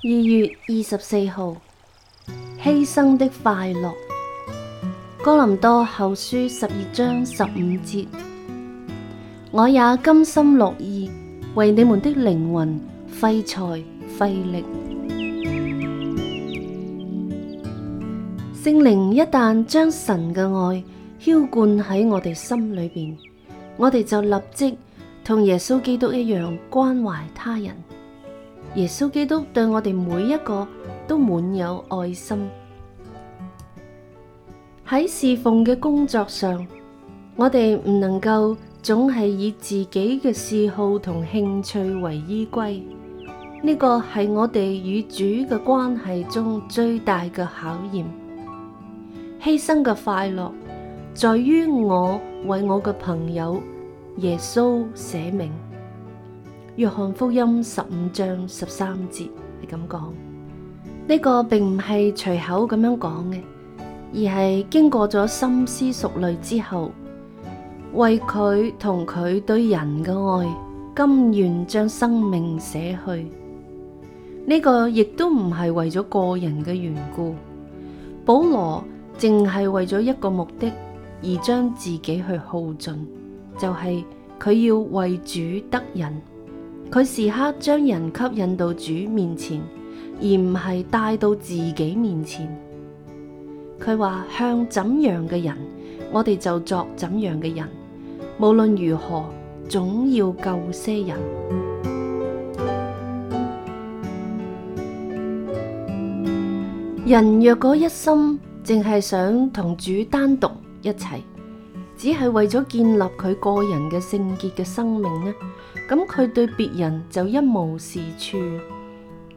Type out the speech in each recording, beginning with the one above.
二月二十四號，犧牲的快樂。哥林多後書十二章十五節，我也甘心樂意為你們的靈魂費財費力。聖靈一旦將神嘅愛澆灌喺我哋心裏邊，我哋就立即同耶穌基督一樣關懷他人。耶穌基督對我哋每一個都滿有愛心。喺侍奉嘅工作上，我哋唔能夠總係以自己嘅嗜好同興趣為依歸。呢個係我哋與主嘅關係中最大嘅考驗。犧牲嘅快樂，在於我為我嘅朋友耶穌捨命。約翰福音十五章十三節係咁講，呢、這個並唔係隨口咁樣講嘅，而係經過咗深思熟慮之後，為佢同佢對人嘅愛甘願將生命捨去。呢、這個亦都唔係為咗個人嘅緣故，保羅淨係為咗一個目的而將自己去耗盡，就係、是、佢要為主得人。佢時刻將人吸引到主面前，而唔係帶到自己面前。佢話：向怎樣嘅人，我哋就作怎樣嘅人。無論如何，總要救些人。人若果一心淨係想同主單獨一齊。只係為咗建立佢個人嘅聖潔嘅生命呢，咁佢對別人就一無是處。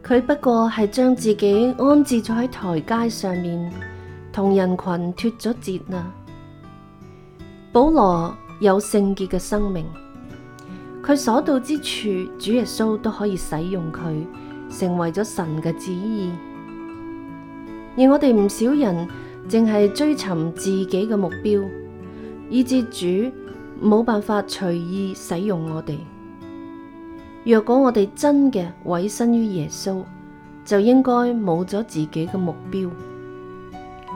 佢不過係將自己安置咗喺台階上面，同人群脫咗節啊。保羅有聖潔嘅生命，佢所到之處，主耶穌都可以使用佢，成為咗神嘅旨意。而我哋唔少人淨係追尋自己嘅目標。以至主冇辦法隨意使用我哋。若果我哋真嘅委身於耶穌，就應該冇咗自己嘅目標。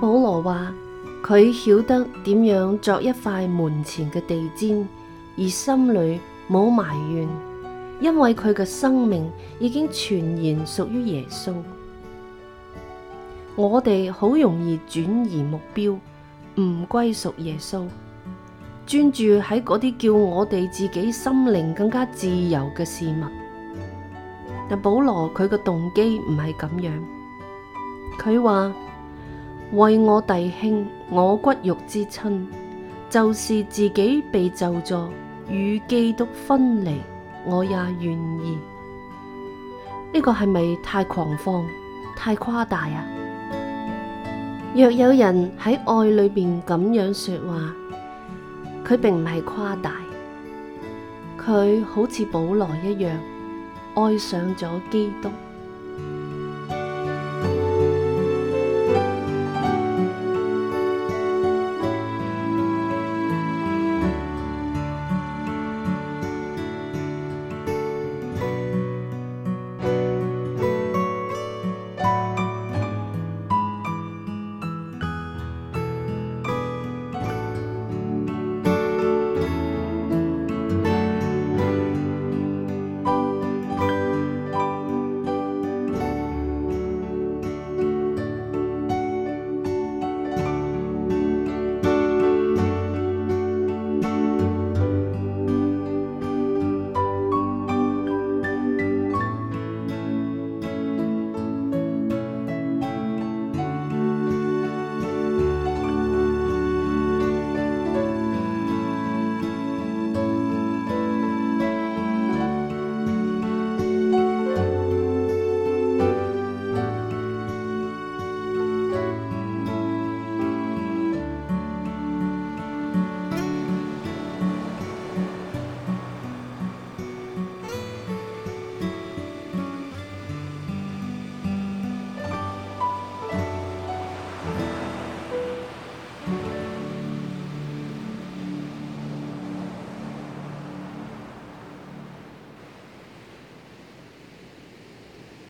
保羅話：佢曉得點樣作一塊門前嘅地氈，而心裏冇埋怨，因為佢嘅生命已經全然屬於耶穌。我哋好容易轉移目標，唔歸屬耶穌，專注喺嗰啲叫我哋自己心靈更加自由嘅事物。但保羅佢嘅動機唔係咁樣，佢話，為我弟兄，我骨肉之親，就是自己被咒詛，與基督分離，我也願意。呢、這個係咪太狂放、太誇大啊？若有人喺愛裏邊咁樣說話，佢並唔係誇大，佢好似保羅一樣愛上咗基督。